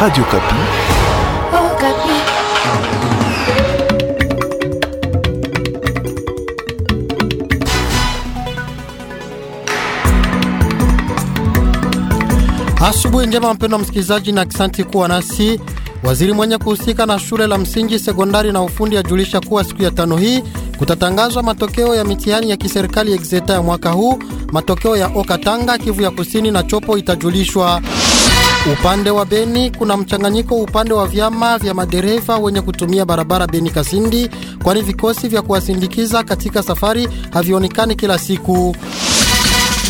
Radio Kapi. Oh, Kapi. Asubuhi njema mpendwa msikilizaji na asante kuwa nasi. Waziri mwenye kuhusika na shule la msingi, sekondari na ufundi ajulisha kuwa siku ya tano hii kutatangazwa matokeo ya mitihani ya kiserikali ya exeta ya mwaka huu. Matokeo ya Okatanga, Kivu ya Kusini na Chopo itajulishwa. Upande wa Beni kuna mchanganyiko upande wa vyama vya madereva wenye kutumia barabara Beni Kasindi, kwani vikosi vya kuwasindikiza katika safari havionekani kila siku.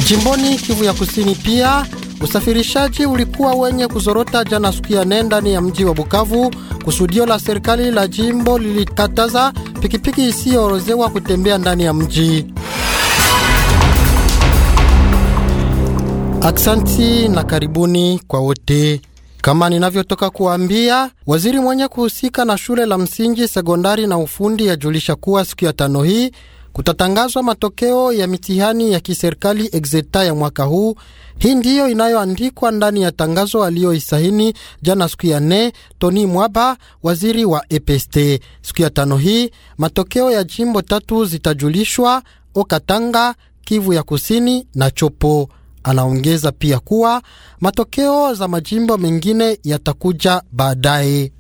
Jimboni Kivu ya Kusini pia usafirishaji ulikuwa wenye kuzorota jana siku ya nne ndani ya mji wa Bukavu. Kusudio la serikali la jimbo lilikataza pikipiki isiyoorozewa kutembea ndani ya mji. Aksanti na karibuni kwa wote. Kama ninavyotoka kuambia, waziri mwenye kuhusika na shule la msingi, sekondari na ufundi yajulisha kuwa siku ya tano hii kutatangazwa matokeo ya mitihani ya kiserikali exeta ya mwaka huu. Hii ndiyo inayoandikwa ndani ya tangazo aliyoisahini jana siku ya nne Tony Mwaba, waziri wa EPST. Siku ya tano hii matokeo ya jimbo tatu zitajulishwa: Okatanga, Kivu ya kusini na Chopo. Anaongeza pia kuwa matokeo za majimbo mengine yatakuja baadaye.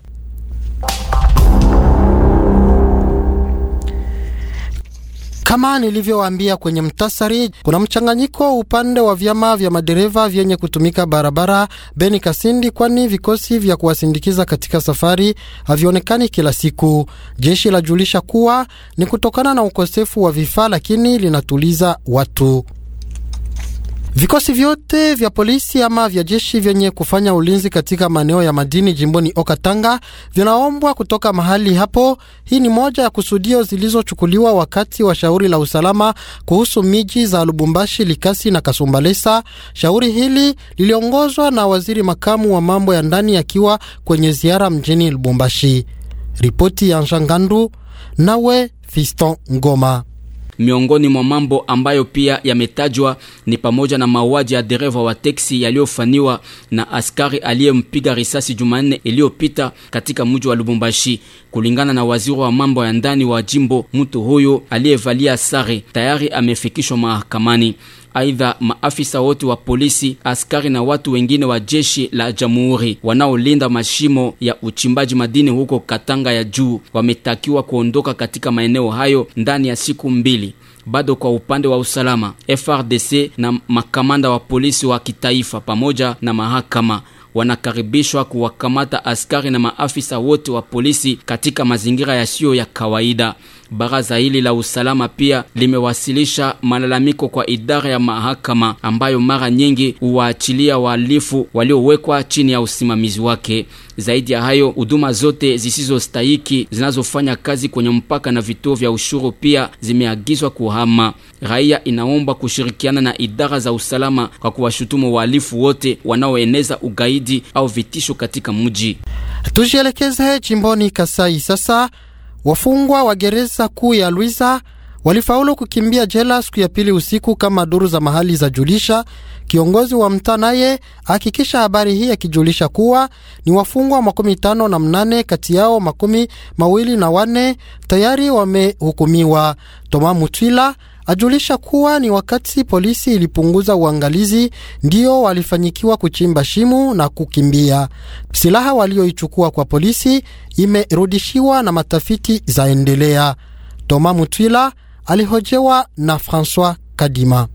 Kama nilivyowaambia kwenye mtasari, kuna mchanganyiko upande wa vyama vya madereva vyenye kutumika barabara Beni Kasindi, kwani vikosi vya kuwasindikiza katika safari havionekani kila siku. Jeshi lajulisha kuwa ni kutokana na ukosefu wa vifaa, lakini linatuliza watu. Vikosi vyote vya polisi ama vya jeshi vyenye kufanya ulinzi katika maeneo ya madini jimboni Okatanga vinaombwa kutoka mahali hapo. Hii ni moja ya kusudio zilizochukuliwa wakati wa shauri la usalama kuhusu miji za Lubumbashi, Likasi na Kasumbalesa. Shauri hili liliongozwa na waziri makamu wa mambo ya ndani akiwa kwenye ziara mjini Lubumbashi. Ripoti ya Nshangandu nawe Fiston Ngoma. Miongoni mwa mambo ambayo pia yametajwa ni pamoja na mauaji ya dereva wa teksi yaliyofanywa na askari aliyempiga risasi Jumanne iliyopita katika mji wa Lubumbashi. Kulingana na waziri wa mambo ya ndani wa jimbo, mtu huyo aliyevalia sare tayari amefikishwa mahakamani. Aidha, maafisa wote wa polisi, askari na watu wengine wa jeshi la jamhuri wanaolinda mashimo ya uchimbaji madini huko Katanga ya juu wametakiwa kuondoka katika maeneo hayo ndani ya siku mbili. Bado kwa upande wa usalama, FRDC na makamanda wa polisi wa kitaifa pamoja na mahakama wanakaribishwa kuwakamata askari na maafisa wote wa polisi katika mazingira yasiyo ya kawaida. Baraza hili la usalama pia limewasilisha malalamiko kwa idara ya mahakama ambayo mara nyingi huwaachilia wahalifu waliowekwa chini ya usimamizi wake. Zaidi ya hayo, huduma zote zisizostahiki zinazofanya kazi kwenye mpaka na vituo vya ushuru pia zimeagizwa kuhama. Raia inaomba kushirikiana na idara za usalama kwa kuwashutumu wahalifu wote wanaoeneza ugaidi au vitisho katika mji. Tujielekeze jimboni Kasai sasa Wafungwa wa gereza kuu ya Luiza walifaulu kukimbia jela siku ya pili usiku, kama duru za mahali za julisha. Kiongozi wa mtaa naye hakikisha habari hii akijulisha kuwa ni wafungwa makumi tano na mnane kati yao makumi mawili na wane tayari wamehukumiwa. Toma Mutwila ajulisha kuwa ni wakati polisi ilipunguza uangalizi ndio walifanyikiwa kuchimba shimu na kukimbia. Silaha walioichukua kwa polisi imerudishiwa na matafiti zaendelea. Toma Mutwila alihojewa na Francois Kadima.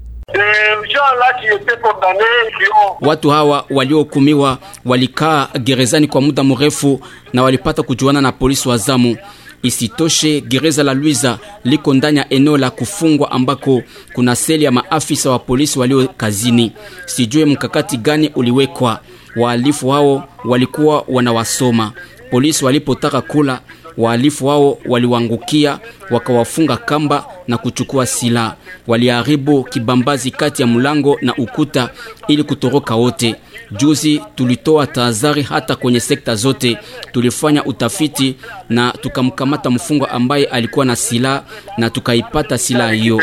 Watu hawa waliohukumiwa walikaa gerezani kwa muda mrefu na walipata kujuana na polisi wa zamu Isitoshe, gereza la Luiza liko ndani ya eneo la kufungwa ambako kuna seli ya maafisa wa polisi walio kazini. Sijue mkakati gani uliwekwa, wahalifu hao walikuwa wanawasoma polisi walipotaka kula Wahalifu wao waliwaangukia wakawafunga kamba na kuchukua silaha. Waliharibu kibambazi kati ya mlango na ukuta ili kutoroka wote. Juzi tulitoa tahadhari hata kwenye sekta zote, tulifanya utafiti na tukamkamata mfungwa ambaye alikuwa na silaha na tukaipata silaha hiyo.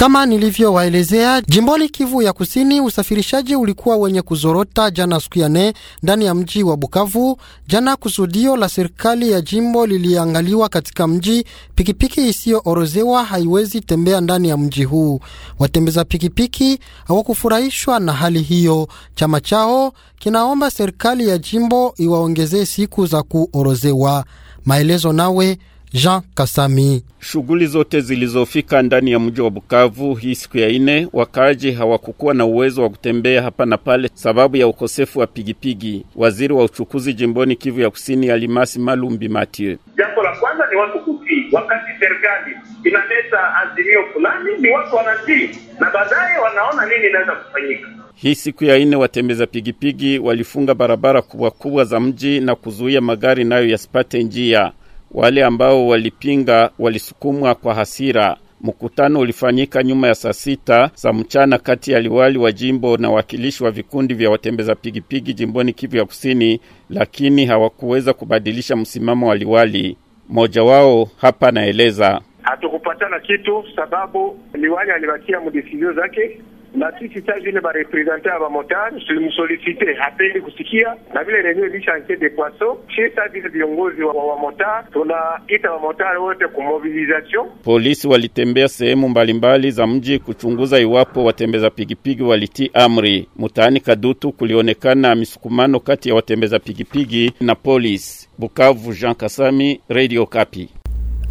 Kama nilivyowaelezea, jimboni Kivu ya Kusini, usafirishaji ulikuwa wenye kuzorota jana siku ya nne ndani ya mji wa Bukavu. Jana kusudio la serikali ya jimbo liliangaliwa katika mji. Pikipiki isiyoorozewa haiwezi tembea ndani ya mji huu. Watembeza pikipiki hawakufurahishwa na hali hiyo. Chama chao kinaomba serikali ya jimbo iwaongezee siku za kuorozewa. Maelezo nawe Jean Kasami. Shughuli zote zilizofika ndani ya mji wa Bukavu hii siku ya ine, wakaaji hawakukuwa na uwezo wa kutembea hapa na pale sababu ya ukosefu wa pigipigi. Waziri wa uchukuzi jimboni Kivu ya Kusini, Alimasi Malumbi Mathieu: jambo la kwanza ni watu kutii, wakati serikali inaleta azimio fulani ni watu wanatii, na baadaye wanaona nini inaweza kufanyika. Hii siku ya ine watembeza pigipigi walifunga barabara kubwa kubwa za mji na kuzuia magari nayo yasipate njia. Wale ambao walipinga walisukumwa kwa hasira. Mkutano ulifanyika nyuma ya saa sita za mchana kati ya liwali wa jimbo na wakilishi wa vikundi vya watembeza pigipigi jimboni Kivu ya Kusini, lakini hawakuweza kubadilisha msimamo wa liwali. Mmoja wao hapa anaeleza. Hatukupatana kitu sababu liwali alibakia mudesizio zake na sisi saa vile bareprezante ya bamotari tulimsolisite hapendi kusikia, na vile renio ilisha anke de poisson shi saa vile viongozi wa wamotare tunaita wamotare wote kumobilization. Polisi walitembea sehemu mbalimbali za mji kuchunguza iwapo watembeza pigipigi walitii amri. Mtaani Kadutu kulionekana misukumano kati ya watembeza pigipigi na polisi. Bukavu, Jean Kasami, Radio Kapi.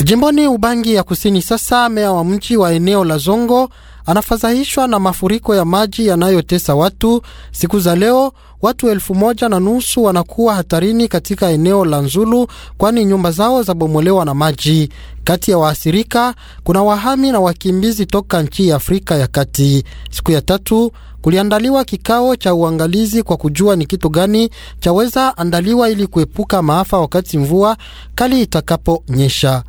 Jimboni Ubangi ya Kusini. Sasa meya wa mji wa eneo la Zongo anafadhaishwa na mafuriko ya maji yanayotesa watu siku za leo. Watu elfu moja na nusu wanakuwa hatarini katika eneo la Nzulu, kwani nyumba zao zabomolewa na maji. Kati ya waathirika kuna wahami na wakimbizi toka nchi ya Afrika ya Kati. Siku ya tatu kuliandaliwa kikao cha uangalizi kwa kujua ni kitu gani chaweza andaliwa ili kuepuka maafa wakati mvua kali itakaponyesha.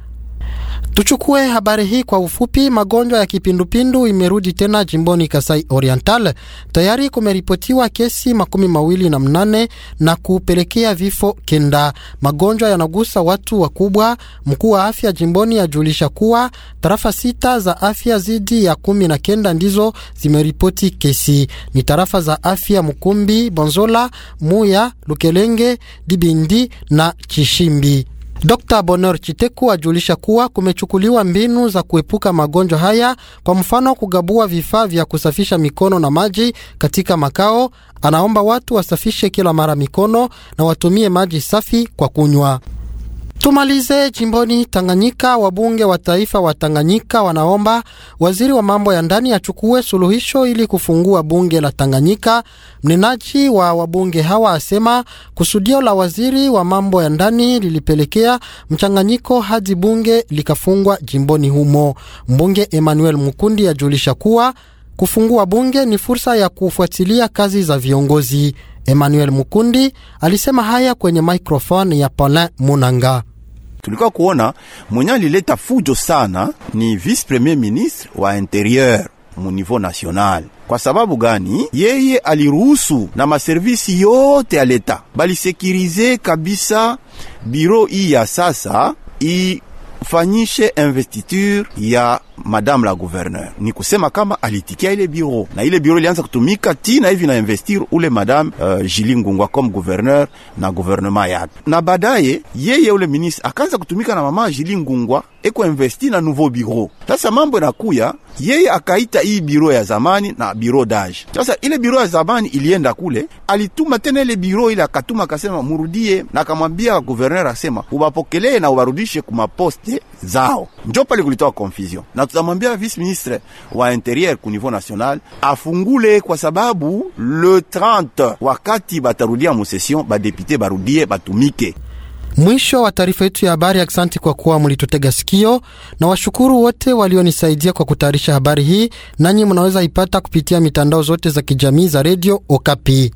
Tuchukue habari hii kwa ufupi. Magonjwa ya kipindupindu imerudi tena jimboni Kasai Oriental. Tayari kumeripotiwa kesi makumi mawili na mnane na kupelekea vifo kenda. Magonjwa yanagusa watu wakubwa. Mkuu wa afya jimboni ajulisha kuwa tarafa sita za afya zidi ya kumi na kenda ndizo zimeripoti kesi. Ni tarafa za afya Mukumbi, Bonzola, Muya, Lukelenge, Dibindi na Chishimbi. Dr Bonor Chiteku ajulisha kuwa kumechukuliwa mbinu za kuepuka magonjwa haya, kwa mfano kugabua vifaa vya kusafisha mikono na maji katika makao. Anaomba watu wasafishe kila mara mikono na watumie maji safi kwa kunywa. Tumalize jimboni Tanganyika. Wabunge wa taifa wa Tanganyika wanaomba waziri wa mambo ya ndani achukue suluhisho ili kufungua bunge la Tanganyika. Mnenaji wa wabunge hawa asema kusudio la waziri wa mambo ya ndani lilipelekea mchanganyiko hadi bunge likafungwa jimboni humo. Mbunge Emmanuel Mukundi ajulisha kuwa kufungua bunge ni fursa ya kufuatilia kazi za viongozi. Emmanuel Mukundi alisema haya kwenye microphone ya Paulin Munanga. Tulikuwa kuona mwenye alileta fujo sana ni vice premier ministre wa interieur mu niveau national. Kwa sababu gani? Yeye aliruhusu na maservisi yote ya leta balisekirize kabisa biro hii ya sasa ifanyishe investiture ya madame la gouverneur ni kusema kama alitikia ile biro na ile biro ilianza kutumika ti na hivi na investir ule madame uh, Jili Ngungwa comme gouverneur na gouvernement yake, na baadaye yeye ule ministre akaanza kutumika na mama Jili Ngungwa eko investi na nouveau biro. Sasa mambo inakuya, yeye akaita hii biro ya zamani na biro dage. Sasa ile biro ya zamani ilienda kule, alituma tena ile biro ile, akatuma akasema murudie, na akamwambia gouverneur asema ubapokelee na ubarudishe kuma poste zao. Njo pale kulitoa confusion na tutamwambia vice ministre wa interieur ku niveau national afungule, kwa sababu le 30 wakati batarudia musession badepute barudie batumike. Mwisho wa taarifa yetu ya habari. Asante kwa kuwa mulitutega sikio, na washukuru wote walionisaidia kwa kutayarisha habari hii. Nanyi mnaweza ipata kupitia mitandao zote za kijamii za redio Okapi.